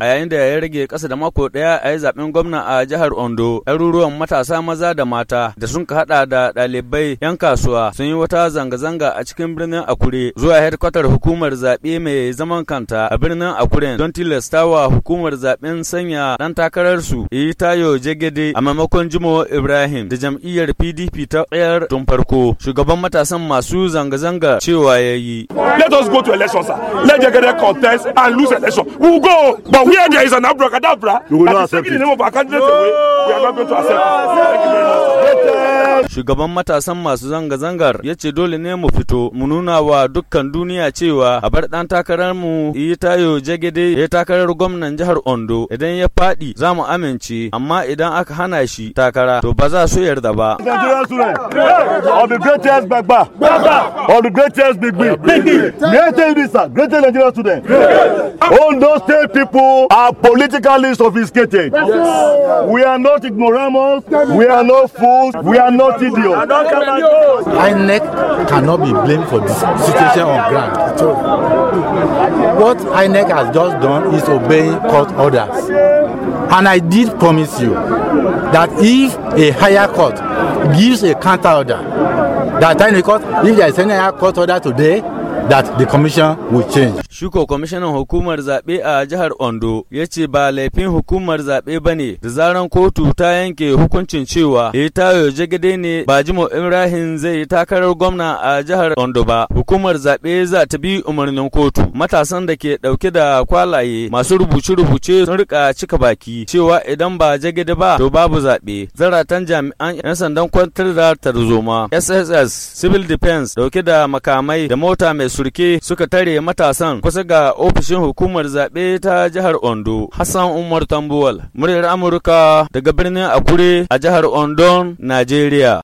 a yayin da ya rage kasa da mako daya a yi zaben gwamna a jihar Ondo, ɗaruruwan matasa maza da mata da sun ka hada da ɗalibai 'yan kasuwa sun yi wata zanga-zanga a cikin birnin Akure zuwa hedkwatar hukumar zaɓe mai zaman kanta a birnin Akure don tilasta wa hukumar zaben sanya ɗan takararsu tayo Jegede a maimakon Jimo Ibrahim da jam'iyyar PDP ta tsayar tun farko. Shugaban matasan masu zanga-zanga cewa ya yi. Let us go to election, sir. Let Jegede contest and lose election. where there is an abracadabra, you will not accept it. The name of our candidate we are not going to accept it. shugaban matasan masu zanga-zangar ya ce dole ne mu fito mu nuna wa dukkan duniya cewa a bar dan takarar mu yi tayo jagede ya takarar gwamnan jihar Ondo idan ya fadi za mu amince amma idan aka hana shi takara to ba za su yarda ba. Of state politically sophisticated. We are not ignoramus, we are not fools, we are not Gideon. INEC cannot be blamed for this situation on ground at all. What INEC has just done is obey court orders. And I did promise you that if a higher court gives a counter order, that time court, if there is any higher court order today, that the commission will change. Shuko kwamishinan hukumar zaɓe a jihar Ondo ya ce ba laifin hukumar zaɓe ba ne da zaran kotu ta yanke hukuncin cewa ya eh, tayo jagade ne ba jimo Ibrahim zai yi takarar gwamna a jihar Ondo ba. Hukumar zaɓe za ta bi umarnin kotu. Matasan da ke ɗauke da kwalaye masu rubuce-rubuce sun rika cika baki cewa idan ba jagade ba to babu zaɓe. Zaratan jami'an 'yan sandan kwantar da tarzoma. SSS Civil Defense ɗauke da makamai da mota mai surke suka tare matasan kusa ga ofishin hukumar zaɓe ta jihar Ondo. Hassan Umar Tambuwal, muryar Amurka daga birnin Akure a jihar Ondo, Najeriya.